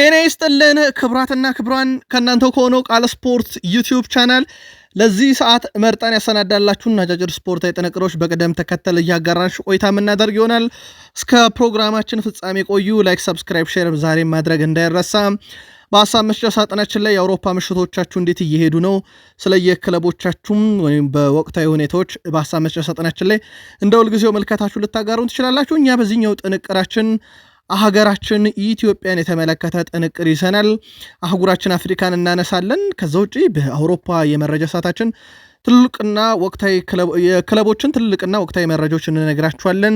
ጤና ይስጥልን ክብራትና ክብሯን ከእናንተው ከሆነው ቃል ስፖርት ዩቲዩብ ቻናል ለዚህ ሰዓት መርጠን ያሰናዳላችሁን አጫጭር ስፖርታዊ ጥንቅሮች በቅደም ተከተል እያጋራሽ ቆይታ የምናደርግ ይሆናል። እስከ ፕሮግራማችን ፍጻሜ ቆዩ። ላይክ፣ ሰብስክራይብ፣ ሼር ዛሬ ማድረግ እንዳይረሳ። በሀሳብ መስጫ ሳጥናችን ላይ የአውሮፓ ምሽቶቻችሁ እንዴት እየሄዱ ነው? ስለየክለቦቻችሁም ወይም በወቅታዊ ሁኔታዎች በሀሳብ መስጫ ሳጥናችን ላይ እንደ ሁልጊዜው መልከታችሁ ልታጋሩን ትችላላችሁ። እኛ በዚህኛው ጥንቅራችን ሀገራችን ኢትዮጵያን የተመለከተ ጥንቅር ይሰናል። አህጉራችን አፍሪካን እናነሳለን። ከዛ ውጪ በአውሮፓ የመረጃ ሰዓታችን ትልቅና ወቅታዊ የክለቦችን ትልቅና ወቅታዊ መረጃዎች እንነግራችኋለን።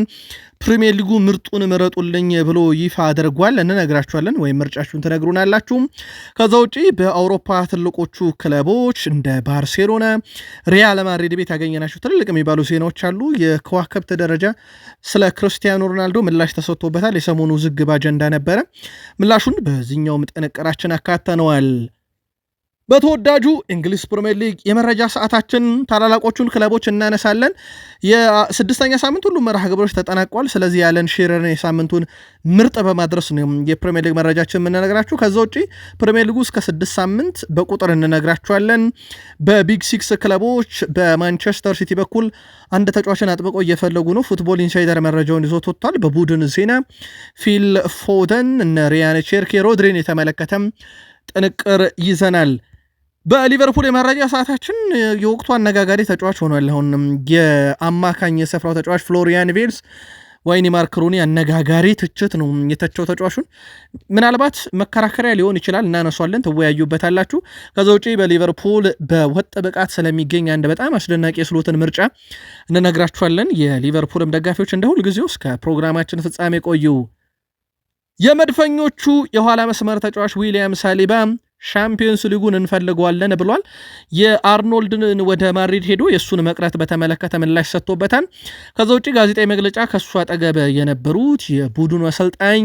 ፕሪሚየር ሊጉ ምርጡን ምረጡልኝ ብሎ ይፋ አድርጓል። እንነግራችኋለን ወይም ምርጫችሁን ትነግሩናላችሁ። ከዛ ውጪ በአውሮፓ ትልቆቹ ክለቦች እንደ ባርሴሎና፣ ሪያል ማድሪድ ቤት ያገኘናቸው ትልቅ የሚባሉ ዜናዎች አሉ። የከዋከብት ደረጃ ስለ ክርስቲያኖ ሮናልዶ ምላሽ ተሰጥቶበታል። የሰሞኑ ዝግብ አጀንዳ ነበረ። ምላሹን በዚህኛውም ጥንቅራችን አካተነዋል። በተወዳጁ እንግሊዝ ፕሪምየር ሊግ የመረጃ ሰዓታችን ታላላቆቹን ክለቦች እናነሳለን። የስድስተኛ ሳምንት ሁሉም መርሃ ግብሮች ተጠናቋል። ስለዚህ ያለን ሺረርን የሳምንቱን ምርጥ በማድረስ ነው የፕሪምየር ሊግ መረጃችን የምንነግራችሁ። ከዛ ውጪ ፕሪምየር ሊጉ እስከ ስድስት ሳምንት በቁጥር እንነግራችኋለን። በቢግ ሲክስ ክለቦች በማንቸስተር ሲቲ በኩል አንድ ተጫዋችን አጥብቆ እየፈለጉ ነው። ፉትቦል ኢንሳይደር መረጃውን ይዞት ወጥቷል። በቡድን ዜና ፊል ፎደን፣ እነ ሪያን ቼርኬ፣ ሮድሪን የተመለከተም ጥንቅር ይዘናል። በሊቨርፑል የመረጃ ሰዓታችን የወቅቱ አነጋጋሪ ተጫዋች ሆኗል። አሁንም የአማካኝ የስፍራው ተጫዋች ፍሎሪያን ቬልስ ወይኒ ማርክ አነጋጋሪ ትችት ነው የተቸው ተጫዋቹን። ምናልባት መከራከሪያ ሊሆን ይችላል፣ እናነሷለን፣ ትወያዩበታላችሁ። ከዛ ውጪ በሊቨርፑል በወጥ ብቃት ስለሚገኝ አንድ በጣም አስደናቂ የስሎትን ምርጫ እንነግራችኋለን። የሊቨርፑልም ደጋፊዎች እንደ ሁልጊዜው እስከ ፕሮግራማችን ፍጻሜ ቆዩ። የመድፈኞቹ የኋላ መስመር ተጫዋች ዊሊያም ሳሊባ ሻምፒዮንስ ሊጉን እንፈልገዋለን ብሏል። የአርኖልድን ወደ ማድሪድ ሄዶ የእሱን መቅረት በተመለከተ ምላሽ ሰጥቶበታል። ከዛ ውጭ ጋዜጣዊ መግለጫ ከእሱ አጠገብ የነበሩት የቡድኑ አሰልጣኝ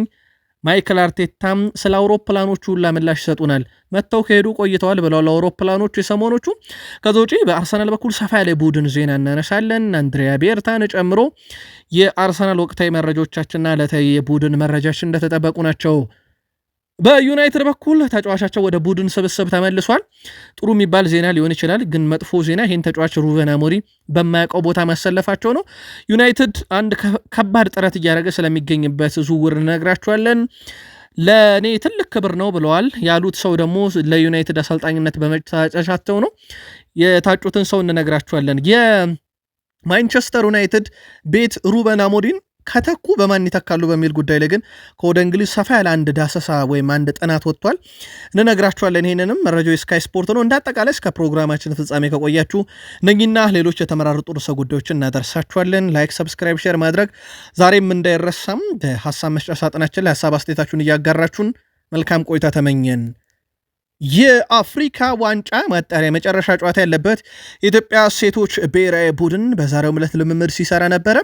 ማይክል አርቴታም ስለ አውሮፕላኖቹ ሁላ ምላሽ ይሰጡናል፣ መጥተው ከሄዱ ቆይተዋል ብለዋል። ለአውሮፕላኖቹ የሰሞኖቹ። ከዛ ውጪ በአርሰናል በኩል ሰፋ ያለ ቡድን ዜና እናነሳለን። አንድሪያ ቤርታን ጨምሮ የአርሰናል ወቅታዊ መረጃዎቻችንና ዕለታዊ የቡድን መረጃችን እንደተጠበቁ ናቸው። በዩናይትድ በኩል ተጫዋቻቸው ወደ ቡድን ስብስብ ተመልሷል። ጥሩ የሚባል ዜና ሊሆን ይችላል፣ ግን መጥፎ ዜና ይህን ተጫዋች ሩቨን አሞሪ በማያውቀው ቦታ ማሰለፋቸው ነው። ዩናይትድ አንድ ከባድ ጥረት እያደረገ ስለሚገኝበት ዝውውር እነግራችኋለን። ለእኔ ትልቅ ክብር ነው ብለዋል ያሉት ሰው ደግሞ ለዩናይትድ አሰልጣኝነት በመጫጫሻቸው ነው። የታጩትን ሰው እንነግራችኋለን። የማንቸስተር ዩናይትድ ቤት ሩበን አሞሪም ከተኩ በማን ይተካሉ በሚል ጉዳይ ላይ ግን ከወደ እንግሊዝ ሰፋ ያለ አንድ ዳሰሳ ወይም አንድ ጥናት ወጥቷል። እንነግራችኋለን። ይህንንም መረጃው የስካይ ስፖርት ነው። እንዳጠቃላይ እስከ ፕሮግራማችን ፍጻሜ ከቆያችሁ እነኚህና ሌሎች የተመራረጡ ርዕሰ ጉዳዮችን እናደርሳችኋለን። ላይክ፣ ሰብስክራይብ፣ ሼር ማድረግ ዛሬም እንዳይረሳም። በሀሳብ መስጫ ሳጥናችን ላይ ሀሳብ አስተያየታችሁን እያጋራችሁን መልካም ቆይታ ተመኘን። የአፍሪካ ዋንጫ ማጣሪያ የመጨረሻ ጨዋታ ያለበት የኢትዮጵያ ሴቶች ብሔራዊ ቡድን በዛሬው ዕለት ልምምድ ሲሰራ ነበረ።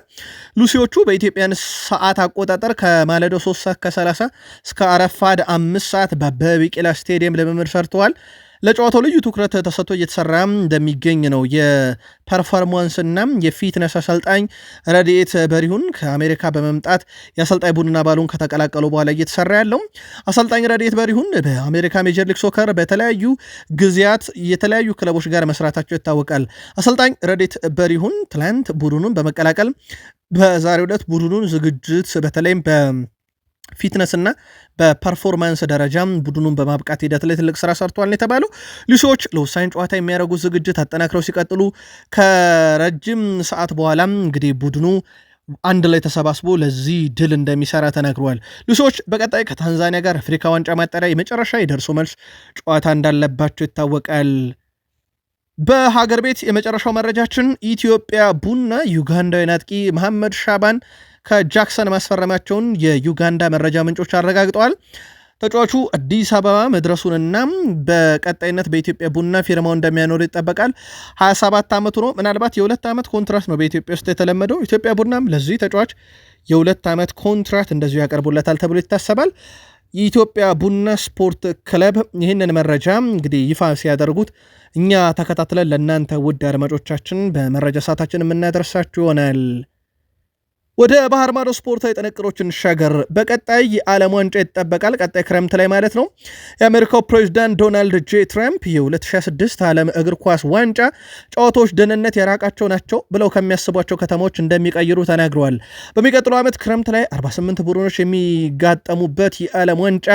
ሉሲዎቹ በኢትዮጵያን ሰዓት አቆጣጠር ከማለዶ 3 ሰዓት ከ30 እስከ አረፋድ አምስት ሰዓት በአበበ ቢቂላ ስቴዲየም ልምምድ ሰርተዋል። ለጨዋታው ልዩ ትኩረት ተሰጥቶ እየተሰራ እንደሚገኝ ነው የፐርፎርማንስና የፊትነስ አሰልጣኝ ረድኤት በሪሁን ከአሜሪካ በመምጣት የአሰልጣኝ ቡድን አባሉን ከተቀላቀሉ በኋላ እየተሰራ ያለው አሰልጣኝ ረድኤት በሪሁን በአሜሪካ ሜጀር ሊግ ሶከር በተለያዩ ጊዜያት የተለያዩ ክለቦች ጋር መስራታቸው ይታወቃል። አሰልጣኝ ረድኤት በሪሁን ትላንት ቡድኑን በመቀላቀል በዛሬው ዕለት ቡድኑን ዝግጅት በተለይም በ ፊትነስና በፐርፎርማንስ ደረጃም ቡድኑን በማብቃት ሂደት ላይ ትልቅ ስራ ሰርቷል የተባለው። ሊሶዎች ለወሳኝ ጨዋታ የሚያደርጉት ዝግጅት አጠናክረው ሲቀጥሉ ከረጅም ሰዓት በኋላም እንግዲህ ቡድኑ አንድ ላይ ተሰባስቦ ለዚህ ድል እንደሚሰራ ተናግረዋል። ልሶች በቀጣይ ከታንዛኒያ ጋር አፍሪካ ዋንጫ ማጣሪያ የመጨረሻ የደርሶ መልስ ጨዋታ እንዳለባቸው ይታወቃል። በሀገር ቤት የመጨረሻው መረጃችን ኢትዮጵያ ቡና ዩጋንዳዊ አጥቂ መሐመድ ሻባን ከጃክሰን ማስፈረማቸውን የዩጋንዳ መረጃ ምንጮች አረጋግጠዋል። ተጫዋቹ አዲስ አበባ መድረሱንና በቀጣይነት በኢትዮጵያ ቡና ፊርማው እንደሚያኖር ይጠበቃል። 27 ዓመቱ ነው። ምናልባት የሁለት ዓመት ኮንትራት ነው በኢትዮጵያ ውስጥ የተለመደው። ኢትዮጵያ ቡናም ለዚህ ተጫዋች የሁለት ዓመት ኮንትራት እንደዚሁ ያቀርቡለታል ተብሎ ይታሰባል። የኢትዮጵያ ቡና ስፖርት ክለብ ይህንን መረጃ እንግዲህ ይፋ ሲያደርጉት እኛ ተከታትለን ለእናንተ ውድ አድማጮቻችን በመረጃ ሰዓታችን የምናደርሳችሁ ይሆናል። ወደ ባህር ማዶ ስፖርታዊ ጥንቅሮችን እንሻገር። በቀጣይ የዓለም ዋንጫ ይጠበቃል። ቀጣይ ክረምት ላይ ማለት ነው። የአሜሪካው ፕሬዚዳንት ዶናልድ ጄ ትራምፕ የ2026 ዓለም እግር ኳስ ዋንጫ ጨዋታዎች ደህንነት የራቃቸው ናቸው ብለው ከሚያስቧቸው ከተሞች እንደሚቀይሩ ተናግረዋል። በሚቀጥለው ዓመት ክረምት ላይ 48 ቡድኖች የሚጋጠሙበት የዓለም ዋንጫ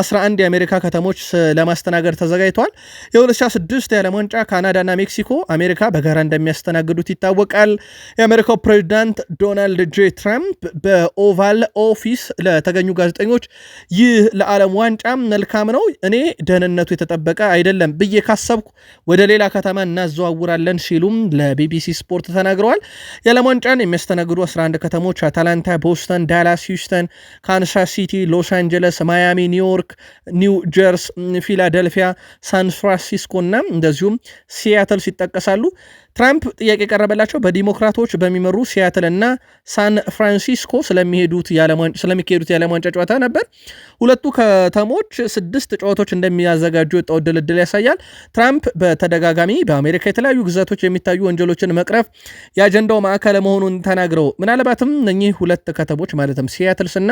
11 የአሜሪካ ከተሞች ለማስተናገድ ተዘጋጅተዋል። የ2026 የዓለም ዋንጫ ካናዳና ሜክሲኮ፣ አሜሪካ በጋራ እንደሚያስተናግዱት ይታወቃል። የአሜሪካው ፕሬዚዳንት ዶናልድ ጄ ትራምፕ በኦቫል ኦፊስ ለተገኙ ጋዜጠኞች ይህ ለዓለም ዋንጫ መልካም ነው፣ እኔ ደህንነቱ የተጠበቀ አይደለም ብዬ ካሰብኩ ወደ ሌላ ከተማ እናዘዋውራለን ሲሉም ለቢቢሲ ስፖርት ተናግረዋል። የዓለም ዋንጫን የሚያስተናግዱ 11 ከተሞች አታላንታ፣ ቦስተን፣ ዳላስ፣ ሂውስተን፣ ካንሳስ ሲቲ፣ ሎስ አንጀለስ፣ ማያሚ፣ ኒውዮርክ፣ ኒው ጀርስ፣ ፊላደልፊያ፣ ሳን ፍራንሲስኮ እና እንደዚሁም ሲያትልስ ይጠቀሳሉ። ትራምፕ ጥያቄ የቀረበላቸው በዲሞክራቶች በሚመሩ ሲያትል እና ሳን ፍራንሲስኮ ስለሚካሄዱት የዓለም ዋንጫ ጨዋታ ነበር። ሁለቱ ከተሞች ስድስት ጨዋታዎች እንደሚያዘጋጁ የወጣው ድልድል ያሳያል። ትራምፕ በተደጋጋሚ በአሜሪካ የተለያዩ ግዛቶች የሚታዩ ወንጀሎችን መቅረፍ የአጀንዳው ማዕከል መሆኑን ተናግረው ምናልባትም እኚህ ሁለት ከተሞች ማለትም ሲያትልስ እና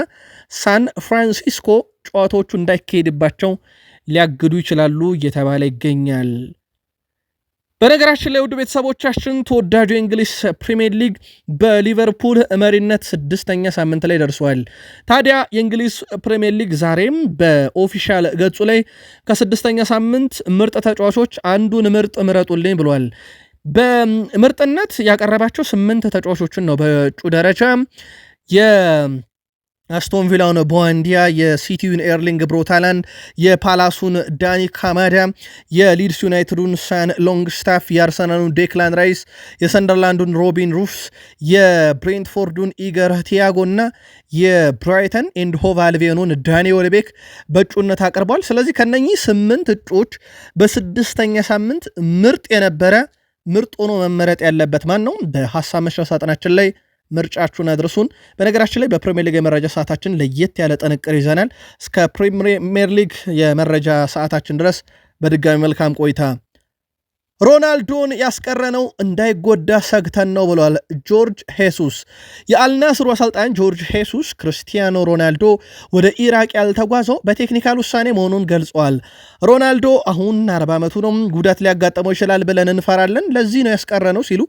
ሳን ፍራንሲስኮ ጨዋታዎቹ እንዳይካሄድባቸው ሊያግዱ ይችላሉ እየተባለ ይገኛል። በነገራችን ላይ ውድ ቤተሰቦቻችን ተወዳጁ የእንግሊዝ ፕሪሚየር ሊግ በሊቨርፑል መሪነት ስድስተኛ ሳምንት ላይ ደርሷል። ታዲያ የእንግሊዝ ፕሪሚየር ሊግ ዛሬም በኦፊሻል ገጹ ላይ ከስድስተኛ ሳምንት ምርጥ ተጫዋቾች አንዱን ምርጥ ምረጡልኝ ብሏል። በምርጥነት ያቀረባቸው ስምንት ተጫዋቾችን ነው በእጩ ደረጃ አስቶን ቪላውን ቦንዲያ፣ የሲቲውን ኤርሊንግ ብሮታላንድ፣ የፓላሱን ዳኒ ካማዳ፣ የሊድስ ዩናይትዱን ሳን ሎንግስታፍ፣ የአርሰናሉን ዴክላን ራይስ፣ የሰንደርላንዱን ሮቢን ሩፍስ፣ የብሬንትፎርዱን ኢገር ቲያጎ እና የብራይተን ኤንድ ሆቭ አልቬኑን ዳኒ ወልቤክ በእጩነት አቅርቧል። ስለዚህ ከነኚህ ስምንት እጩዎች በስድስተኛ ሳምንት ምርጥ የነበረ ምርጥ ሆኖ መመረጥ ያለበት ማን ነው? በሀሳብ መስጫ ሳጥናችን ላይ ምርጫችሁን አድርሱን። በነገራችን ላይ በፕሪሚየር ሊግ የመረጃ ሰዓታችን ለየት ያለ ጥንቅር ይዘናል። እስከ ፕሪሚየር ሊግ የመረጃ ሰዓታችን ድረስ በድጋሚ መልካም ቆይታ ሮናልዶን ያስቀረነው እንዳይጎዳ ሰግተን ነው ብሏል ጆርጅ ሄሱስ። የአልናስሩ አሰልጣኝ ጆርጅ ሄሱስ ክርስቲያኖ ሮናልዶ ወደ ኢራቅ ያልተጓዘው በቴክኒካል ውሳኔ መሆኑን ገልጸዋል። ሮናልዶ አሁን 40 ዓመቱ ነው፣ ጉዳት ሊያጋጥመው ይችላል ብለን እንፈራለን፣ ለዚህ ነው ያስቀረነው ሲሉ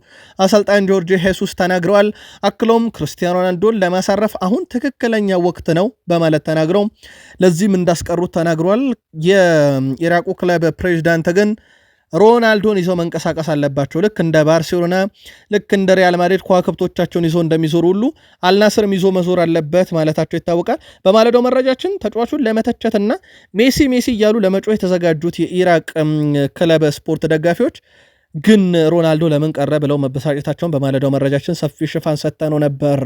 አሰልጣኝ ጆርጅ ሄሱስ ተናግረዋል። አክሎም ክርስቲያኖ ሮናልዶን ለማሳረፍ አሁን ትክክለኛ ወቅት ነው በማለት ተናግረው ለዚህም እንዳስቀሩት ተናግሯል። የኢራቁ ክለብ ፕሬዚዳንት ግን ሮናልዶን ይዘው መንቀሳቀስ አለባቸው። ልክ እንደ ባርሴሎና፣ ልክ እንደ ሪያል ማድሪድ ከዋክብቶቻቸውን ይዘው እንደሚዞሩ ሁሉ አልናስርም ይዞ መዞር አለበት ማለታቸው ይታወቃል። በማለዳው መረጃችን ተጫዋቹን ለመተቸትና ሜሲ ሜሲ እያሉ ለመጮህ የተዘጋጁት የኢራቅ ክለብ ስፖርት ደጋፊዎች ግን ሮናልዶ ለምን ቀረ ብለው መበሳጨታቸውን በማለዳው መረጃችን ሰፊ ሽፋን ሰጥተነው ነበር።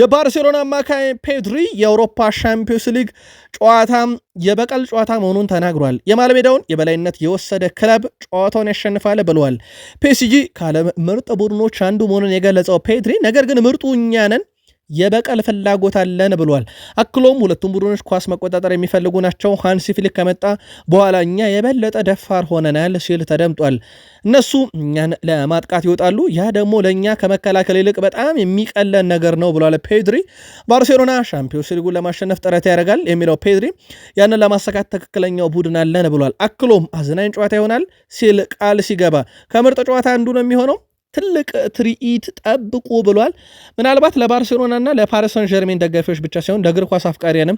የባርሴሎና አማካይ ፔድሪ የአውሮፓ ሻምፒዮንስ ሊግ ጨዋታ የበቀል ጨዋታ መሆኑን ተናግሯል። የማለሜዳውን የበላይነት የወሰደ ክለብ ጨዋታውን ያሸንፋል ብለዋል። ፔሲጂ ከዓለም ምርጥ ቡድኖች አንዱ መሆኑን የገለጸው ፔድሪ ነገር ግን ምርጡ እኛ ነን የበቀል ፍላጎት አለን ብሏል። አክሎም ሁለቱም ቡድኖች ኳስ መቆጣጠር የሚፈልጉ ናቸው። ሃንሲ ፊሊክ ከመጣ በኋላ እኛ የበለጠ ደፋር ሆነናል ሲል ተደምጧል። እነሱ እኛን ለማጥቃት ይወጣሉ፣ ያ ደግሞ ለእኛ ከመከላከል ይልቅ በጣም የሚቀለን ነገር ነው ብሏል ፔድሪ። ባርሴሎና ሻምፒዮንስ ሊጉን ለማሸነፍ ጥረት ያደርጋል የሚለው ፔድሪ ያንን ለማሳካት ትክክለኛው ቡድን አለን ብሏል። አክሎም አዝናኝ ጨዋታ ይሆናል ሲል ቃል ሲገባ ከምርጥ ጨዋታ አንዱ ነው የሚሆነው ትልቅ ትርኢት ጠብቁ ብሏል። ምናልባት ለባርሴሎናና ለፓሪስ ሰን ዠርሜን ደጋፊዎች ብቻ ሳይሆን ለእግር ኳስ አፍቃሪያንም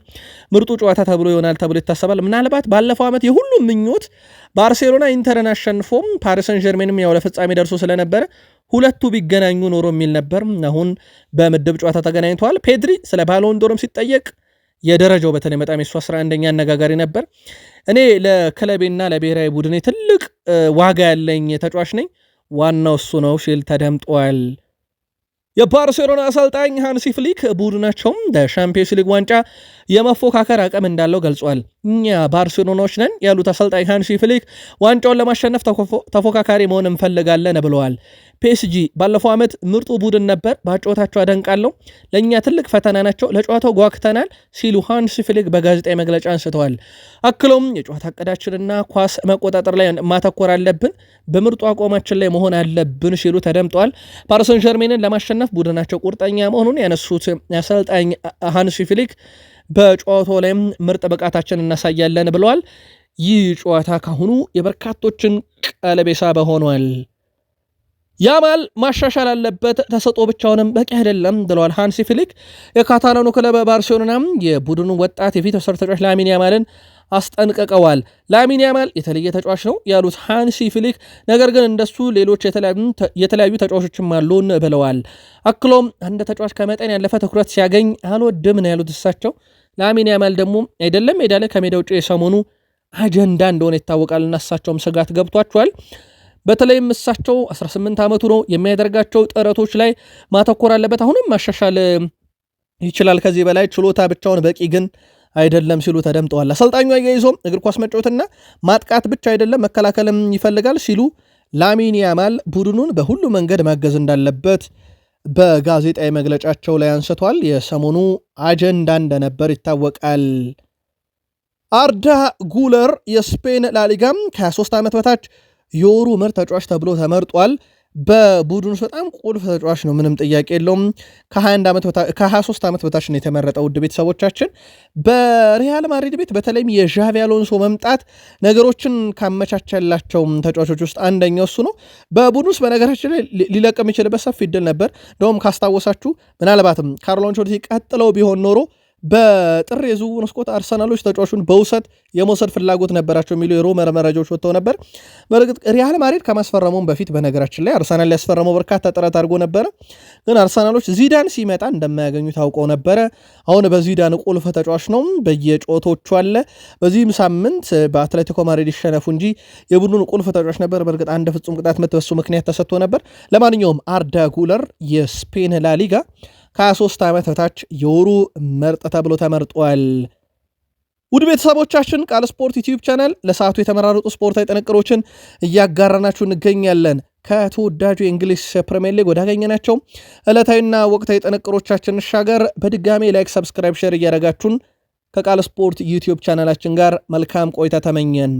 ምርጡ ጨዋታ ተብሎ ይሆናል ተብሎ ይታሰባል። ምናልባት ባለፈው ዓመት የሁሉም ምኞት ባርሴሎና ኢንተርን አሸንፎም ፓሪስ ሰን ያው ለፍጻሜ ደርሶ ስለነበረ ሁለቱ ቢገናኙ ኖሮ የሚል ነበር። አሁን በምድብ ጨዋታ ተገናኝተዋል። ፔድሪ ስለ ባሎንዶርም ሲጠየቅ የደረጃው በተለይ በጣም የሱ አስራ አንደኛ አነጋጋሪ ነበር። እኔ ለክለቤና ለብሔራዊ ቡድኔ ትልቅ ዋጋ ያለኝ ተጫዋች ነኝ ዋናው እሱ ነው ሲል ተደምጧል። የባርሴሎና አሰልጣኝ ሃንሲ ፍሊክ ቡድናቸውም በሻምፒዮንስ ሊግ ዋንጫ የመፎካከር አቅም እንዳለው ገልጿል። እኛ ባርሴሎናዎች ነን ያሉት አሰልጣኝ ሃንሲ ፍሊክ ዋንጫውን ለማሸነፍ ተፎካካሪ መሆን እንፈልጋለን ብለዋል። ፒኤስጂ ባለፈው ዓመት ምርጡ ቡድን ነበር፣ በጨዋታቸው አደንቃለሁ። ለእኛ ትልቅ ፈተና ናቸው፣ ለጨዋታው ጓግተናል ሲሉ ሃንስ ፍሊክ በጋዜጣዊ መግለጫ አንስተዋል። አክለውም የጨዋታ እቅዳችንና ኳስ መቆጣጠር ላይ ማተኮር አለብን፣ በምርጡ አቋማችን ላይ መሆን አለብን ሲሉ ተደምጠዋል። ፓሪሰን ጀርሜንን ለማሸነፍ ቡድናቸው ቁርጠኛ መሆኑን ያነሱት አሰልጣኝ ሃንስ ፍሊክ በጨዋታው ላይም ምርጥ ብቃታችን እናሳያለን ብለዋል። ይህ ጨዋታ ካሁኑ የበርካቶችን ቀለቤሳ በሆኗል። ያማል ማሻሻል አለበት፣ ተሰጦ ብቻውንም በቂ አይደለም ብለዋል ሃንሲ ፍሊክ። የካታላኑ ክለብ ባርሴሎና የቡድኑ ወጣት የፊት መስመር ተጫዋች ላሚን ያማልን አስጠንቅቀዋል። ላሚን ያማል የተለየ ተጫዋች ነው ያሉት ሃንሲ ፍሊክ፣ ነገር ግን እንደሱ ሌሎች የተለያዩ ተጫዋቾችም አሉን ብለዋል። አክሎም አንድ ተጫዋች ከመጠን ያለፈ ትኩረት ሲያገኝ አልወድም ነው ያሉት እሳቸው። ላሚን ያማል ደግሞ አይደለም ሜዳ ላይ ከሜዳ ውጭ የሰሞኑ አጀንዳ እንደሆነ ይታወቃል። እናሳቸውም ስጋት ገብቷቸዋል። በተለይም እሳቸው 18 ዓመቱ ነው የሚያደርጋቸው ጥረቶች ላይ ማተኮር አለበት። አሁንም ማሻሻል ይችላል ከዚህ በላይ ችሎታ ብቻውን በቂ ግን አይደለም ሲሉ ተደምጠዋል። አሰልጣኙ አያይዞም እግር ኳስ መጫወትና ማጥቃት ብቻ አይደለም መከላከልም ይፈልጋል ሲሉ ላሚን ያማል ቡድኑን በሁሉ መንገድ ማገዝ እንዳለበት በጋዜጣዊ መግለጫቸው ላይ አንስቷል። የሰሞኑ አጀንዳ እንደነበር ይታወቃል። አርዳ ጉለር የስፔን ላሊጋም ከ23 ዓመት በታች የወሩ ምርጥ ተጫዋች ተብሎ ተመርጧል። በቡድን ውስጥ በጣም ቁልፍ ተጫዋች ነው፣ ምንም ጥያቄ የለውም። ከ23 ዓመት በታች ነው የተመረጠ። ውድ ቤተሰቦቻችን በሪያል ማድሪድ ቤት በተለይም የዣቪ አሎንሶ መምጣት ነገሮችን ካመቻቸላቸው ተጫዋቾች ውስጥ አንደኛው እሱ ነው። በቡድን ውስጥ በነገራችን ላይ ሊለቅ የሚችልበት ሰፊ እድል ነበር። እንደውም ካስታወሳችሁ ምናልባትም ካርሎ አንቸሎቲ ቀጥለው ቢሆን ኖሮ በጥር የዝውውር መስኮት አርሰናሎች ተጫዋቹን በውሰት የመውሰድ ፍላጎት ነበራቸው የሚሉ የሮመር መረጃዎች ወጥተው ነበር። በእርግጥ ሪያል ማድሪድ ከማስፈረመውን በፊት በነገራችን ላይ አርሰናል ሊያስፈረመው በርካታ ጥረት አድርጎ ነበረ። ግን አርሰናሎች ዚዳን ሲመጣ እንደማያገኙ ታውቀው ነበረ። አሁን በዚዳን ቁልፍ ተጫዋች ነው፣ በየጮቶቹ አለ። በዚህም ሳምንት በአትሌቲኮ ማድሪድ ይሸነፉ እንጂ የቡድኑ ቁልፍ ተጫዋች ነበር። በእርግጥ አንድ ፍጹም ቅጣት ምት በሱ ምክንያት ተሰጥቶ ነበር። ለማንኛውም አርዳ ጉለር የስፔን ላሊጋ ከ23 ዓመት በታች የወሩ ምርጥ ተብሎ ተመርጧል። ውድ ቤተሰቦቻችን ቃል ስፖርት ዩቲዩብ ቻናል ለሰዓቱ የተመራረጡ ስፖርታዊ ጥንቅሮችን እያጋራናችሁ እንገኛለን። ከተወዳጁ የእንግሊዝ ፕሪሚየር ሊግ ወዳገኘናቸው ዕለታዊና ወቅታዊ ጥንቅሮቻችን እንሻገር። በድጋሜ ላይክ፣ ሰብስክራይብ፣ ሼር እያደረጋችሁን ከቃል ስፖርት ዩቲዩብ ቻናላችን ጋር መልካም ቆይታ ተመኘን።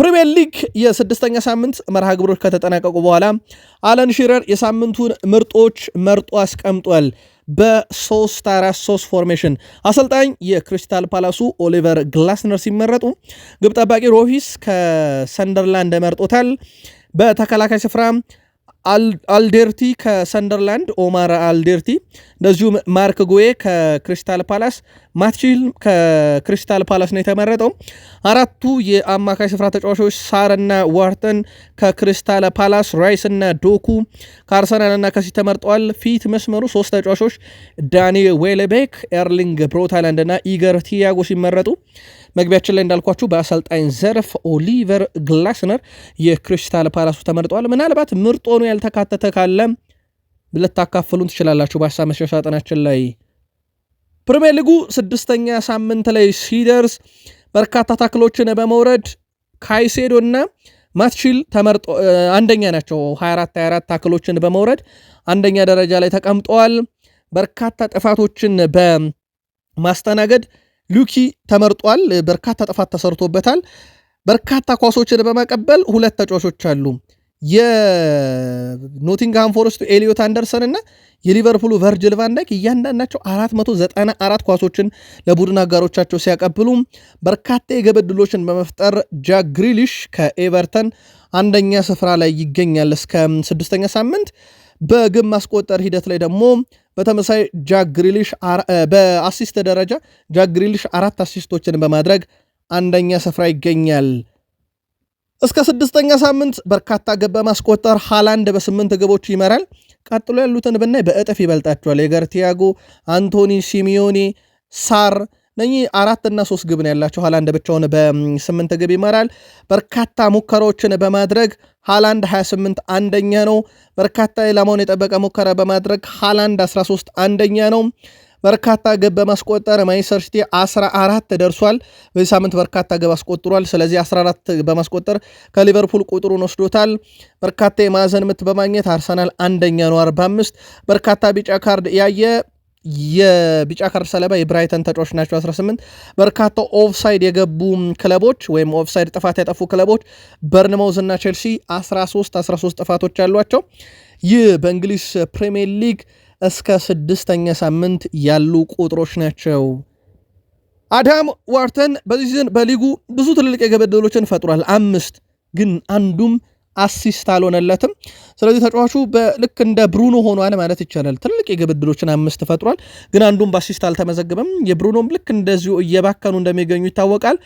ፕሪምየር ሊግ የስድስተኛ ሳምንት መርሃ ግብሮች ከተጠናቀቁ በኋላ አለን ሺረር የሳምንቱን ምርጦች መርጦ አስቀምጧል። በ በ343 ፎርሜሽን አሰልጣኝ የክሪስታል ፓላሱ ኦሊቨር ግላስነር ሲመረጡ፣ ግብ ጠባቂ ሮፊስ ከሰንደርላንድ መርጦታል። በተከላካይ ስፍራ አልዴርቲ ከሰንደርላንድ ኦማር አልዴርቲ፣ እንደዚሁም ማርክ ጉዌ ከክሪስታል ፓላስ ማትችል ከክሪስታል ፓላስ ነው የተመረጠው። አራቱ የአማካይ ስፍራ ተጫዋቾች ሳርና ዋርተን ከክሪስታል ፓላስ፣ ራይስ እና ዶኩ ከአርሰናል እና ከሲ ተመርጠዋል። ፊት መስመሩ ሶስት ተጫዋቾች ዳኒ ዌልቤክ፣ ኤርሊንግ ብሮታላንድ እና ኢገር ቲያጎ ሲመረጡ መግቢያችን ላይ እንዳልኳችሁ በአሰልጣኝ ዘርፍ ኦሊቨር ግላስነር የክሪስታል ፓላሱ ተመርጠዋል። ምናልባት ምርጦኑ ያልተካተተ ካለ ልታካፍሉን ትችላላችሁ በሀሳብ መስጫ ሳጥናችን ላይ ፕሪምየር ሊጉ ስድስተኛ ሳምንት ላይ ሲደርስ በርካታ ታክሎችን በመውረድ ካይሴዶ እና ማትሺል ተመርጦ አንደኛ ናቸው። 24 24 ታክሎችን በመውረድ አንደኛ ደረጃ ላይ ተቀምጠዋል። በርካታ ጥፋቶችን በማስተናገድ ሉኪ ተመርጧል። በርካታ ጥፋት ተሰርቶበታል። በርካታ ኳሶችን በመቀበል ሁለት ተጫዋቾች አሉ። የኖቲንግሃም ፎረስቱ ኤሊዮት አንደርሰን እና የሊቨርፑሉ ቨርጅል ቫንዳይክ እያንዳንዳቸው 494 ኳሶችን ለቡድን አጋሮቻቸው ሲያቀብሉ በርካታ የግብ ዕድሎችን በመፍጠር ጃክ ግሪሊሽ ከኤቨርተን አንደኛ ስፍራ ላይ ይገኛል እስከ ስድስተኛ ሳምንት። በግብ ማስቆጠር ሂደት ላይ ደግሞ በተመሳይ ጃክ ግሪሊሽ በአሲስት ደረጃ ጃክ ግሪሊሽ አራት አሲስቶችን በማድረግ አንደኛ ስፍራ ይገኛል። እስከ ስድስተኛ ሳምንት በርካታ ግብ በማስቆጠር ሃላንድ በስምንት ግቦች ይመራል። ቀጥሎ ያሉትን ብናይ በእጥፍ ይበልጣቸዋል። የገር ቲያጎ፣ አንቶኒ፣ ሲሚዮኔ፣ ሳር እነኚህ አራት እና ሶስት ግብ ነው ያላቸው። ሃላንድ ብቻውን በስምንት ግብ ይመራል። በርካታ ሙከራዎችን በማድረግ ሃላንድ 28 አንደኛ ነው። በርካታ ኢላማውን የጠበቀ ሙከራ በማድረግ ሃላንድ 13 አንደኛ ነው። በርካታ ግብ በማስቆጠር ማንቸስተር ሲቲ 14 ደርሷል። በዚህ ሳምንት በርካታ ግብ አስቆጥሯል። ስለዚህ 14 በማስቆጠር ከሊቨርፑል ቁጥሩን ወስዶታል። በርካታ የማዕዘን ምት በማግኘት አርሰናል አንደኛ ነው 45። በርካታ ቢጫ ካርድ ያየ የቢጫ ካርድ ሰለባ የብራይተን ተጫዋች ናቸው 18 በርካታ ኦፍሳይድ የገቡ ክለቦች ወይም ኦፍሳይድ ጥፋት ያጠፉ ክለቦች በርንመውዝ እና ቼልሲ 13 13 ጥፋቶች አሏቸው። ይህ በእንግሊዝ ፕሪሚየር ሊግ እስከ ስድስተኛ ሳምንት ያሉ ቁጥሮች ናቸው። አዳም ዋርተን በዚህ ሲዝን በሊጉ ብዙ ትልልቅ የግብ ዕድሎችን ፈጥሯል፣ አምስት ግን አንዱም አሲስት አልሆነለትም። ስለዚህ ተጫዋቹ በልክ እንደ ብሩኖ ሆኗል ማለት ይቻላል። ትልቅ የግብ ዕድሎችን አምስት ፈጥሯል፣ ግን አንዱም በአሲስት አልተመዘገበም። የብሩኖም ልክ እንደዚሁ እየባከኑ እንደሚገኙ ይታወቃል።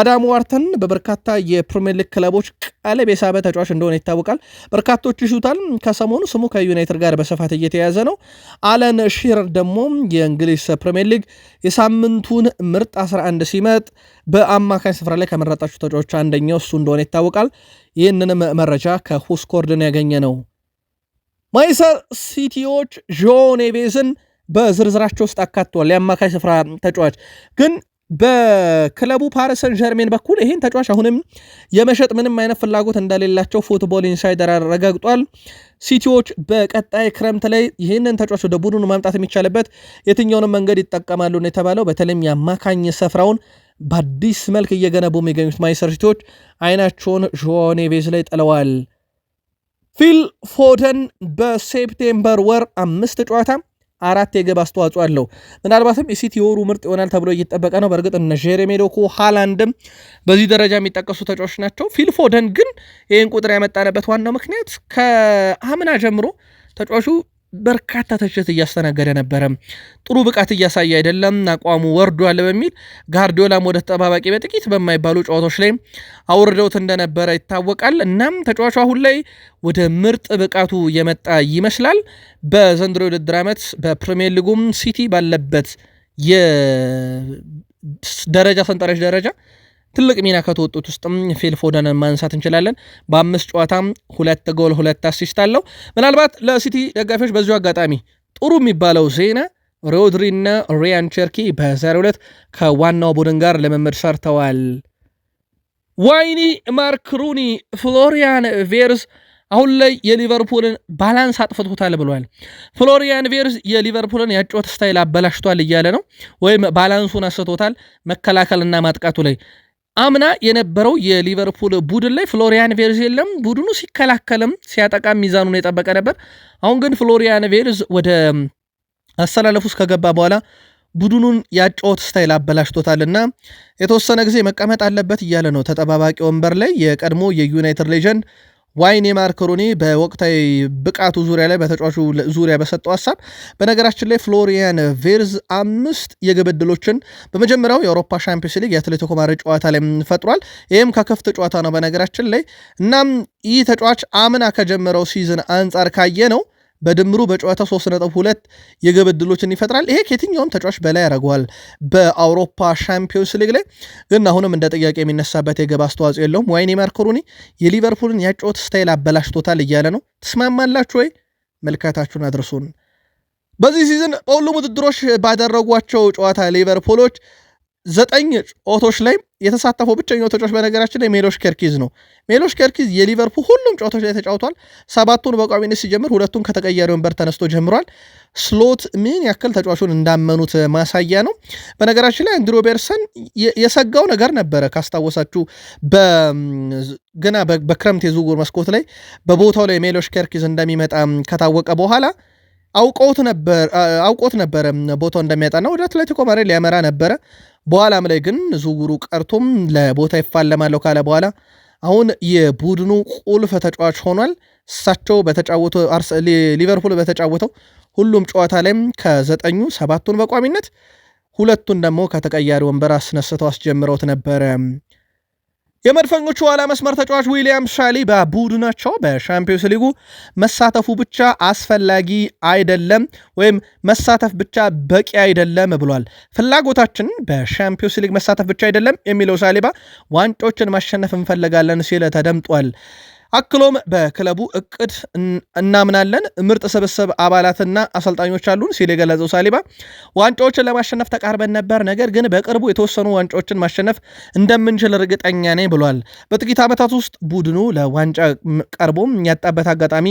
አዳም ዋርተን በበርካታ የፕሪሚየር ሊግ ክለቦች ቀልብ የሳበ ተጫዋች እንደሆነ ይታወቃል። በርካቶች ይሹታል። ከሰሞኑ ስሙ ከዩናይትድ ጋር በስፋት እየተያዘ ነው። አለን ሺረር ደግሞ የእንግሊዝ ፕሪሚየር ሊግ የሳምንቱን ምርጥ 11 ሲመጥ በአማካኝ ስፍራ ላይ ከመረጣቸው ተጫዋቾች አንደኛው እሱ እንደሆነ ይታወቃል። ይህንንም መረጃ ከሁስኮርድን ያገኘ ነው። ማይሰር ሲቲዎች ዦ በዝርዝራቸው ውስጥ አካተዋል። የአማካኝ ስፍራ ተጫዋች ግን በክለቡ ፓሪሰን ጀርሜን በኩል ይህን ተጫዋች አሁንም የመሸጥ ምንም አይነት ፍላጎት እንደሌላቸው ፉትቦል ኢንሳይደር አረጋግጧል። ሲቲዎች በቀጣይ ክረምት ላይ ይህንን ተጫዋች ወደ ቡድኑ ማምጣት የሚቻልበት የትኛውንም መንገድ ይጠቀማሉ ነው የተባለው። በተለይም የአማካኝ ስፍራውን በአዲስ መልክ እየገነቡ የሚገኙት ማንቸስተር ሲቲዎች አይናቸውን ጆዋ ኔቬዝ ላይ ጥለዋል። ፊል ፎደን በሴፕቴምበር ወር አምስት ጨዋታ አራት የግብ አስተዋጽኦ አለው። ምናልባትም የሲቲ የወሩ ምርጥ ይሆናል ተብሎ እየጠበቀ ነው። በእርግጥ እነ ጄሬሚ ዶኩ፣ ሃላንድም በዚህ ደረጃ የሚጠቀሱ ተጫዋች ናቸው። ፊል ፎደን ግን ይህን ቁጥር ያመጣንበት ዋናው ምክንያት ከአምና ጀምሮ ተጫዋቹ በርካታ ትችት እያስተናገደ ነበረ። ጥሩ ብቃት እያሳየ አይደለም፣ አቋሙ ወርዷል በሚል ጋርዲዮላም ወደ ተጠባባቂ በጥቂት በማይባሉ ጨዋታዎች ላይ አውርደውት እንደነበረ ይታወቃል። እናም ተጫዋቹ አሁን ላይ ወደ ምርጥ ብቃቱ የመጣ ይመስላል። በዘንድሮ የውድድር ዓመት በፕሪሚየር ሊጉም ሲቲ ባለበት የደረጃ ሰንጠረዥ ደረጃ ትልቅ ሚና ከተወጡት ውስጥም ፊል ፎደንን ማንሳት እንችላለን። በአምስት ጨዋታም ሁለት ጎል፣ ሁለት አሲስት አለው። ምናልባት ለሲቲ ደጋፊዎች በዚሁ አጋጣሚ ጥሩ የሚባለው ዜና ሮድሪና ሪያን ቸርኪ በዛሬው ዕለት ከዋናው ቡድን ጋር ልምምድ ሰርተዋል። ዋይኒ ማርክ ሩኒ፣ ፍሎሪያን ቬርስ አሁን ላይ የሊቨርፑልን ባላንስ አጥፍቶታል ብሏል። ፍሎሪያን ቬርስ የሊቨርፑልን ያጮት ስታይል አበላሽቷል እያለ ነው፣ ወይም ባላንሱን አስቶታል መከላከልና ማጥቃቱ ላይ አምና የነበረው የሊቨርፑል ቡድን ላይ ፍሎሪያን ቬልዝ የለም። ቡድኑ ሲከላከልም ሲያጠቃም ሚዛኑን የጠበቀ ነበር። አሁን ግን ፍሎሪያን ቬልዝ ወደ አሰላለፉ ውስጥ ከገባ በኋላ ቡድኑን ያጫወት ስታይል አበላሽቶታልና የተወሰነ ጊዜ መቀመጥ አለበት እያለ ነው ተጠባባቂ ወንበር ላይ የቀድሞ የዩናይትድ ሌጀንድ ዋይኔ ማርከሮኔ በወቅታዊ ብቃቱ ዙሪያ ላይ በተጫዋቹ ዙሪያ በሰጠው ሀሳብ በነገራችን ላይ ፍሎሪያን ቬርዝ አምስት የግብ ዕድሎችን በመጀመሪያው የአውሮፓ ሻምፒዮንስ ሊግ የአትሌቲኮ ማድሪድ ጨዋታ ላይ ፈጥሯል። ይህም ከክፍት ጨዋታ ነው በነገራችን ላይ እናም ይህ ተጫዋች አምና ከጀመረው ሲዝን አንጻር ካየ ነው በድምሩ በጨዋታ 3.2 የግብ ዕድሎችን ይፈጥራል። ይሄ ከየትኛውም ተጫዋች በላይ ያደርገዋል። በአውሮፓ ሻምፒዮንስ ሊግ ላይ ግን አሁንም እንደ ጥያቄ የሚነሳበት የግብ አስተዋጽኦ የለውም። ዋይኔ ማርኮሩኒ የሊቨርፑልን ያጨዋወት ስታይል አበላሽቶታል እያለ ነው። ትስማማላችሁ ወይ? መልካታችሁን አድርሱን። በዚህ ሲዝን በሁሉም ውድድሮች ባደረጓቸው ጨዋታ ሊቨርፑሎች ዘጠኝ ጨዋታዎች ላይ የተሳተፈው ብቸኛው ተጫዋች በነገራችን ላይ ሜሎሽ ኬርኪዝ ነው። ሜሎሽ ኬርኪዝ የሊቨርፑል ሁሉም ጨዋታዎች ላይ ተጫውቷል። ሰባቱን በቋሚነት ሲጀምር ሁለቱን ከተቀያሪ ወንበር ተነስቶ ጀምሯል። ስሎት ምን ያክል ተጫዋቹን እንዳመኑት ማሳያ ነው። በነገራችን ላይ አንድሮ ቤርሰን የሰጋው ነገር ነበረ ካስታወሳችሁ ገና በክረምት የዝውውር መስኮት ላይ በቦታው ላይ ሜሎሽ ኬርኪዝ እንደሚመጣ ከታወቀ በኋላ አውቆት ነበረ ቦታው እንደሚያጣና ወደ አትሌቲኮ ማድሪድ ሊያመራ ነበረ በኋላም ላይ ግን ዝውውሩ ቀርቶም ለቦታ ይፋለማለሁ ካለ በኋላ አሁን የቡድኑ ቁልፍ ተጫዋች ሆኗል። እሳቸው በተጫወተው ሊቨርፑል በተጫወተው ሁሉም ጨዋታ ላይም ከዘጠኙ ሰባቱን በቋሚነት ሁለቱን ደግሞ ከተቀያሪ ወንበር አስነስተው አስጀምረውት ነበረ። የመድፈኞቹ ኋላ መስመር ተጫዋች ዊሊያም ሳሊባ በቡድናቸው በሻምፒዮንስ ሊጉ መሳተፉ ብቻ አስፈላጊ አይደለም ወይም መሳተፍ ብቻ በቂ አይደለም ብሏል። ፍላጎታችን በሻምፒዮንስ ሊግ መሳተፍ ብቻ አይደለም የሚለው ሳሊባ ዋንጫዎችን ማሸነፍ እንፈልጋለን ሲል ተደምጧል። አክሎም በክለቡ እቅድ እናምናለን፣ ምርጥ ስብስብ አባላትና አሰልጣኞች አሉን ሲል የገለጸው ሳሊባ ዋንጫዎችን ለማሸነፍ ተቃርበን ነበር፣ ነገር ግን በቅርቡ የተወሰኑ ዋንጫዎችን ማሸነፍ እንደምንችል እርግጠኛ ነኝ ብሏል። በጥቂት ዓመታት ውስጥ ቡድኑ ለዋንጫ ቀርቦም ያጣበት አጋጣሚ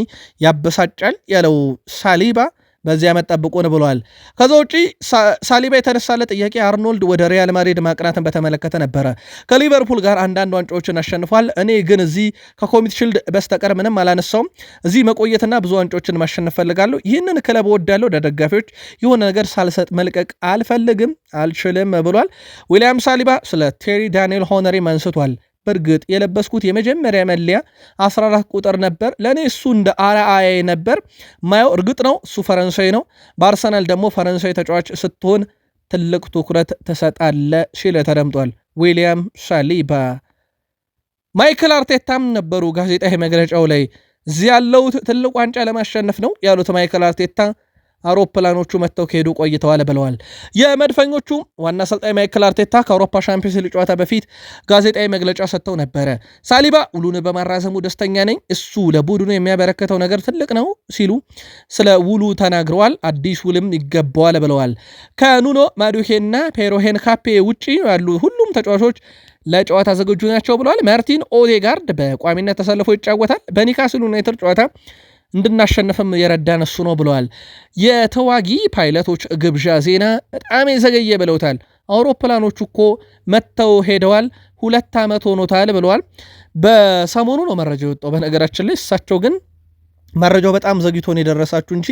ያበሳጫል ያለው ሳሊባ በዚህ ዓመት ጠብቁን ብሏል። ከዛ ውጪ ሳሊባ የተነሳለ ጥያቄ አርኖልድ ወደ ሪያል ማድሪድ ማቅናትን በተመለከተ ነበረ። ከሊቨርፑል ጋር አንዳንድ ዋንጫዎችን አሸንፏል። እኔ ግን እዚህ ከኮሚት ሽልድ በስተቀር ምንም አላነሳውም። እዚህ መቆየትና ብዙ ዋንጫዎችን ማሸነፍ ፈልጋለሁ። ይህንን ክለብ ወዳለው ለደጋፊዎች የሆነ ነገር ሳልሰጥ መልቀቅ አልፈልግም፣ አልችልም ብሏል። ዊሊያም ሳሊባ ስለ ቴሪ ዳንኤል ሆነሪ አንስቷል። በእርግጥ የለበስኩት የመጀመሪያ መለያ 14 ቁጥር ነበር። ለእኔ እሱ እንደ አርአያዬ ነበር ማየው። እርግጥ ነው እሱ ፈረንሳይ ነው። በአርሰናል ደግሞ ፈረንሳይ ተጫዋች ስትሆን ትልቅ ትኩረት ትሰጣለ ሲል ተደምጧል። ዊሊያም ሳሊባ ማይክል አርቴታም ነበሩ ጋዜጣዊ መግለጫው ላይ እዚህ ያለሁት ትልቅ ዋንጫ ለማሸነፍ ነው ያሉት ማይክል አርቴታ አውሮፕላኖቹ መጥተው ከሄዱ ቆይተዋል ብለዋል። የመድፈኞቹ ዋና አሰልጣኝ ማይክል አርቴታ ከአውሮፓ ሻምፒዮንስ ሊግ ጨዋታ በፊት ጋዜጣዊ መግለጫ ሰጥተው ነበረ። ሳሊባ ውሉን በማራዘሙ ደስተኛ ነኝ፣ እሱ ለቡድኑ የሚያበረከተው ነገር ትልቅ ነው ሲሉ ስለ ውሉ ተናግረዋል። አዲስ ውልም ይገባዋል ብለዋል። ከኑኖ ማዱሄና ፔሮሄን ካፔ ውጪ ያሉ ሁሉም ተጫዋቾች ለጨዋታ ዝግጁ ናቸው ብለዋል። ማርቲን ኦዴጋርድ በቋሚነት ተሰልፎ ይጫወታል። በኒካስል ዩናይትድ ጨዋታ እንድናሸንፍም የረዳን እሱ ነው ብለዋል። የተዋጊ ፓይለቶች ግብዣ ዜና በጣም የዘገየ ብለውታል። አውሮፕላኖቹ እኮ መጥተው ሄደዋል፣ ሁለት ዓመት ሆኖታል ብለዋል። በሰሞኑ ነው መረጃ የወጣው። በነገራችን ላይ እሳቸው ግን መረጃው በጣም ዘግይቶ ነው የደረሳችሁ እንጂ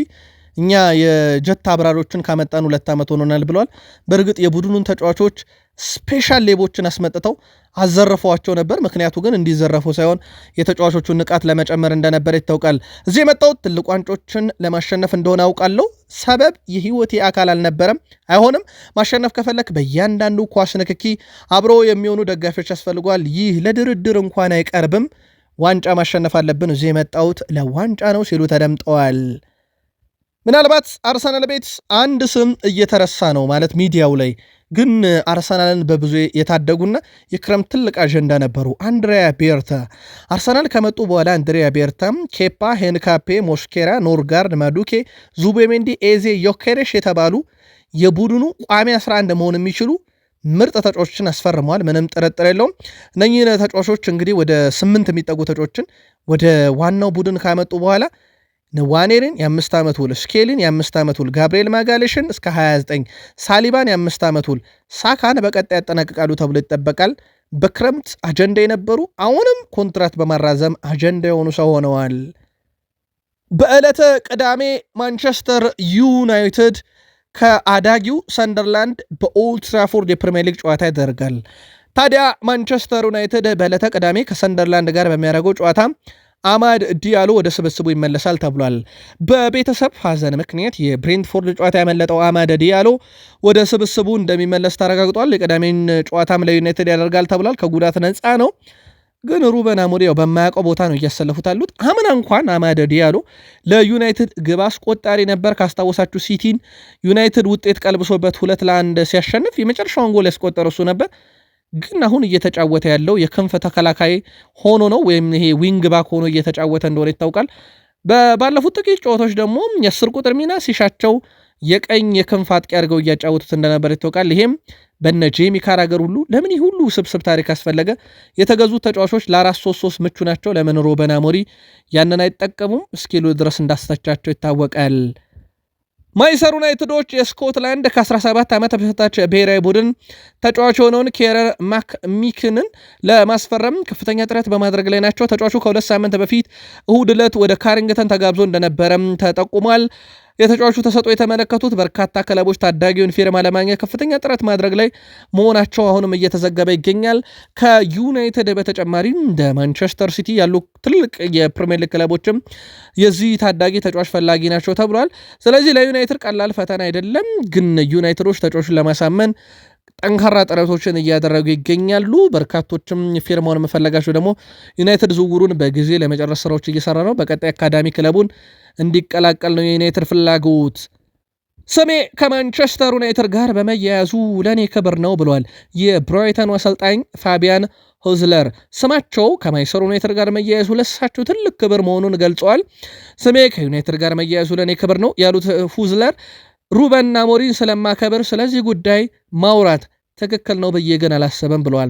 እኛ የጀት አብራሪዎችን ካመጣን ሁለት ዓመት ሆኖናል ብለዋል። በእርግጥ የቡድኑን ተጫዋቾች ስፔሻል ሌቦችን አስመጥተው አዘረፏቸው ነበር። ምክንያቱ ግን እንዲዘረፉ ሳይሆን የተጫዋቾቹን ንቃት ለመጨመር እንደነበረ ይታውቃል። እዚህ የመጣሁት ትልቅ ዋንጮችን ለማሸነፍ እንደሆነ አውቃለሁ። ሰበብ የህይወቴ አካል አልነበረም፣ አይሆንም። ማሸነፍ ከፈለክ በእያንዳንዱ ኳስ ንክኪ አብሮ የሚሆኑ ደጋፊዎች ያስፈልጓል። ይህ ለድርድር እንኳን አይቀርብም። ዋንጫ ማሸነፍ አለብን። እዚህ የመጣሁት ለዋንጫ ነው ሲሉ ተደምጠዋል። ምናልባት አርሰናል ቤት አንድ ስም እየተረሳ ነው ማለት ሚዲያው ላይ ግን አርሰናልን በብዙ የታደጉና የክረምት ትልቅ አጀንዳ ነበሩ። አንድሪያ ቤርታ አርሰናል ከመጡ በኋላ አንድሪያ ቤርታ፣ ኬፓ፣ ሄንካፔ፣ ሞሽኬራ፣ ኖርጋርድ፣ ማዱኬ፣ ዙቤሜንዲ፣ ኤዜ፣ ዮኬሬሽ የተባሉ የቡድኑ ቋሚ 11 መሆን የሚችሉ ምርጥ ተጫዋቾችን አስፈርመዋል። ምንም ጥርጥር የለውም። እነኚህ ተጫዋቾች እንግዲህ ወደ ስምንት የሚጠጉ ተጫዋቾችን ወደ ዋናው ቡድን ካመጡ በኋላ ንዋኔርን የአምስት ዓመት ውል፣ ስኬሊን የአምስት ዓመት ውል፣ ጋብርኤል ማጋሌሽን እስከ 29፣ ሳሊባን የአምስት ዓመት ውል፣ ሳካን በቀጣይ ያጠናቅቃሉ ተብሎ ይጠበቃል። በክረምት አጀንዳ የነበሩ አሁንም ኮንትራት በማራዘም አጀንዳ የሆኑ ሰው ሆነዋል። በዕለተ ቅዳሜ ማንቸስተር ዩናይትድ ከአዳጊው ሰንደርላንድ በኦልድ ትራፎርድ የፕሪምየር ሊግ ጨዋታ ያደርጋል። ታዲያ ማንቸስተር ዩናይትድ በዕለተ ቅዳሜ ከሰንደርላንድ ጋር በሚያደርገው ጨዋታ አማድ ዲያሎ ወደ ስብስቡ ይመለሳል ተብሏል። በቤተሰብ ሐዘን ምክንያት የብሬንትፎርድ ጨዋታ ያመለጠው አማድ ዲያሎ ወደ ስብስቡ እንደሚመለስ ተረጋግጧል። የቀዳሜን ጨዋታም ለዩናይትድ ያደርጋል ተብሏል። ከጉዳት ነጻ ነው። ግን ሩበን አሞሪም ያው በማያውቀው ቦታ ነው እያሰለፉት አሉት። አምና እንኳን አማደ ዲያሎ ለዩናይትድ ግብ አስቆጣሪ ነበር። ካስታወሳችሁ ሲቲን ዩናይትድ ውጤት ቀልብሶበት ሁለት ለአንድ ሲያሸንፍ የመጨረሻውን ጎል ያስቆጠረ እሱ ነበር። ግን አሁን እየተጫወተ ያለው የክንፍ ተከላካይ ሆኖ ነው ወይም ይሄ ዊንግ ባክ ሆኖ እየተጫወተ እንደሆነ ይታውቃል። ባለፉት ጥቂት ጨዋታዎች ደግሞ የአስር ቁጥር ሚና ሲሻቸው የቀኝ የክንፍ አጥቂ አድርገው እያጫወቱት እንደነበር ይታወቃል። ይሄም በነ ጄሚ ካራገር ሁሉ ለምን ይህ ሁሉ ስብስብ ታሪክ አስፈለገ? የተገዙት ተጫዋቾች ለአራት ሶስት ሶስት ምቹ ናቸው። ለምን ሩበን አሞሪም ያንን አይጠቀሙም እስኪሉ ድረስ እንዳስተቻቸው ይታወቃል። ማንቸስተር ዩናይትዶች የስኮትላንድ ከ17 ዓመት በታች ብሔራዊ ቡድን ተጫዋች የሆነውን ኬረር ማክሚክንን ለማስፈረም ከፍተኛ ጥረት በማድረግ ላይ ናቸው። ተጫዋቹ ከሁለት ሳምንት በፊት እሁድ ዕለት ወደ ካሪንግተን ተጋብዞ እንደነበረም ተጠቁሟል። የተጫዋቹ ተሰጥኦ የተመለከቱት በርካታ ክለቦች ታዳጊውን ፊርማ ለማግኘት ከፍተኛ ጥረት ማድረግ ላይ መሆናቸው አሁንም እየተዘገበ ይገኛል። ከዩናይትድ በተጨማሪ እንደ ማንቸስተር ሲቲ ያሉ ትልቅ የፕሪሚየር ሊግ ክለቦችም የዚህ ታዳጊ ተጫዋች ፈላጊ ናቸው ተብሏል። ስለዚህ ለዩናይትድ ቀላል ፈተና አይደለም፣ ግን ዩናይትዶች ተጫዋቹን ለማሳመን ጠንካራ ጥረቶችን እያደረጉ ይገኛሉ። በርካቶችም ፊርማውን መፈለጋቸው ደግሞ ዩናይትድ ዝውውሩን በጊዜ ለመጨረስ ስራዎች እየሰራ ነው። በቀጣይ አካዳሚ ክለቡን እንዲቀላቀል ነው የዩናይትድ ፍላጎት። ስሜ ከማንቸስተር ዩናይትድ ጋር በመያያዙ ለእኔ ክብር ነው ብሏል የብራይተኑ አሰልጣኝ ፋቢያን ሆዝለር ስማቸው ከማንቸስተር ዩናይትድ ጋር መያያዙ ለሳቸው ትልቅ ክብር መሆኑን ገልጸዋል። ስሜ ከዩናይትድ ጋር መያያዙ ለእኔ ክብር ነው ያሉት ሁዝለር ሩበን አሞሪን ስለማከብር ስለዚህ ጉዳይ ማውራት ትክክል ነው ብዬ ግን አላሰበም ብለዋል።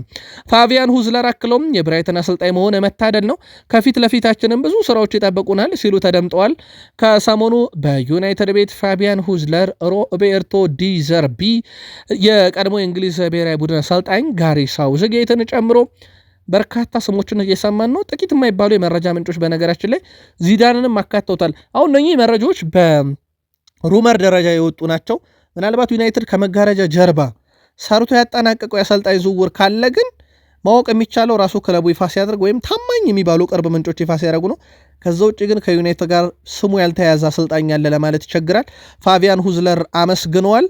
ፋቢያን ሁዝለር አክሎም የብራይተን አሰልጣኝ መሆን መታደል ነው፣ ከፊት ለፊታችንም ብዙ ስራዎች ይጠብቁናል ሲሉ ተደምጠዋል። ከሰሞኑ በዩናይትድ ቤት ፋቢያን ሁዝለር፣ ሮቤርቶ ዲዘርቢ፣ የቀድሞ የእንግሊዝ ብሔራዊ ቡድን አሰልጣኝ ጋሪ ሳውዝጌትን ጨምሮ በርካታ ስሞችን እየሰማን ነው። ጥቂት የማይባሉ የመረጃ ምንጮች በነገራችን ላይ ዚዳንንም አካተውታል። አሁን እነኚህ መረጃዎች በሩመር ደረጃ የወጡ ናቸው። ምናልባት ዩናይትድ ከመጋረጃ ጀርባ ሰርቶ ያጠናቀቀው የአሰልጣኝ ዝውውር ካለ ግን ማወቅ የሚቻለው ራሱ ክለቡ ይፋ ሲያደርግ ወይም ታማኝ የሚባሉ ቅርብ ምንጮች ይፋ ሲያደርጉ ነው። ከዛ ውጭ ግን ከዩናይትድ ጋር ስሙ ያልተያያዘ አሰልጣኝ ያለ ለማለት ይቸግራል። ፋቢያን ሁዝለር አመስግነዋል።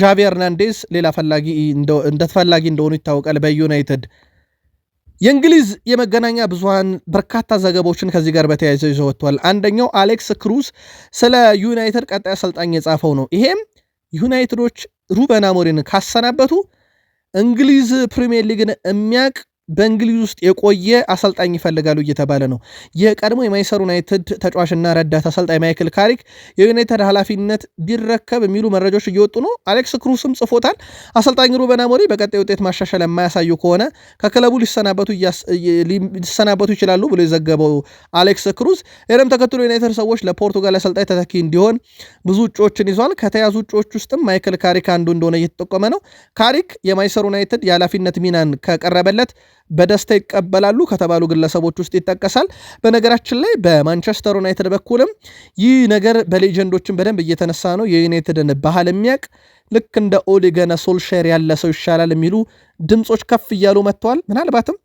ዣቪ ሄርናንዴዝ ሌላ ፈላጊ እንደተፈላጊ እንደሆኑ ይታወቃል በዩናይትድ የእንግሊዝ የመገናኛ ብዙሃን በርካታ ዘገባዎችን ከዚህ ጋር በተያያዘ ይዘው ወጥቷል። አንደኛው አሌክስ ክሩስ ስለ ዩናይትድ ቀጣይ አሰልጣኝ የጻፈው ነው። ይሄም ዩናይትዶች ሩበን አሞሪን ካሰናበቱ እንግሊዝ ፕሪሚየር ሊግን የሚያቅ በእንግሊዝ ውስጥ የቆየ አሰልጣኝ ይፈልጋሉ እየተባለ ነው። የቀድሞ የማይሰር ዩናይትድ ተጫዋችና ረዳት አሰልጣኝ ማይክል ካሪክ የዩናይትድ ኃላፊነት ቢረከብ የሚሉ መረጃዎች እየወጡ ነው። አሌክስ ክሩስም ጽፎታል። አሰልጣኝ ሩበን አሞሪም በቀጣይ ውጤት ማሻሻል የማያሳዩ ከሆነ ከክለቡ ሊሰናበቱ ይችላሉ ብሎ የዘገበው አሌክስ ክሩስ ይህንም ተከትሎ ዩናይትድ ሰዎች ለፖርቱጋል አሰልጣኝ ተተኪ እንዲሆን ብዙ እጩዎችን ይዟል። ከተያዙ እጩዎች ውስጥም ማይክል ካሪክ አንዱ እንደሆነ እየተጠቆመ ነው። ካሪክ የማይሰር ዩናይትድ የኃላፊነት ሚናን ከቀረበለት በደስታ ይቀበላሉ ከተባሉ ግለሰቦች ውስጥ ይጠቀሳል። በነገራችን ላይ በማንቸስተር ዩናይትድ በኩልም ይህ ነገር በሌጀንዶችን በደንብ እየተነሳ ነው። የዩናይትድን ባህል የሚያቅ ልክ እንደ ኦሊገነ ሶልሼር ያለ ሰው ይሻላል የሚሉ ድምፆች ከፍ እያሉ መጥተዋል። ምናልባትም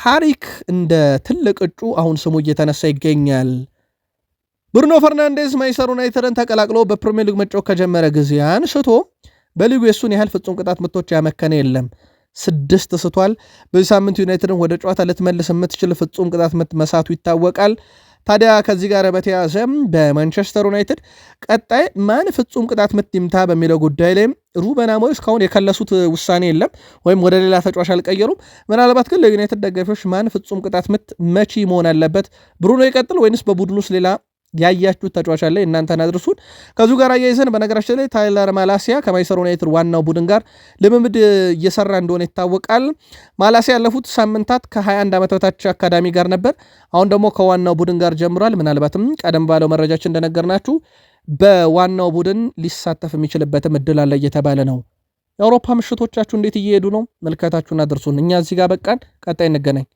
ካሪክ እንደ ትልቅ እጩ አሁን ስሙ እየተነሳ ይገኛል። ብሩኖ ፈርናንዴዝ ማንቸስተር ዩናይትድን ተቀላቅሎ በፕሪሚየር ሊግ መጫወት ከጀመረ ጊዜ አንስቶ በሊጉ የሱን ያህል ፍጹም ቅጣት ምቶች ያመከነ የለም። ስድስት ስቷል። በዚህ ሳምንት ዩናይትድን ወደ ጨዋታ ልትመልስ የምትችል ፍጹም ቅጣት ምት መሳቱ ይታወቃል። ታዲያ ከዚህ ጋር በተያያዘ በማንቸስተር ዩናይትድ ቀጣይ ማን ፍጹም ቅጣት ምት ይምታ በሚለው ጉዳይ ላይ ሩበን አሞሪም እስካሁን የከለሱት ውሳኔ የለም ወይም ወደ ሌላ ተጫዋች አልቀየሩም። ምናልባት ግን ለዩናይትድ ደጋፊዎች ማን ፍጹም ቅጣት ምት መቺ መሆን አለበት፣ ብሩኖ ይቀጥል ወይንስ በቡድን ውስጥ ሌላ ያያችሁት ተጫዋች አለ፣ እናንተን አድርሱን። ከዚሁ ጋር አያይዘን በነገራችን ላይ ታይለር ማላሲያ ከማይሰር ዩናይትድ ዋናው ቡድን ጋር ልምምድ እየሰራ እንደሆነ ይታወቃል። ማላሲያ ያለፉት ሳምንታት ከ21 ዓመት በታች አካዳሚ ጋር ነበር። አሁን ደግሞ ከዋናው ቡድን ጋር ጀምሯል። ምናልባትም ቀደም ባለው መረጃችን እንደነገርናችሁ በዋናው ቡድን ሊሳተፍ የሚችልበትም እድል አለ እየተባለ ነው። የአውሮፓ ምሽቶቻችሁ እንዴት እየሄዱ ነው? መልከታችሁን አድርሱን። እኛ እዚህ ጋር በቃን። ቀጣይ እንገናኝ።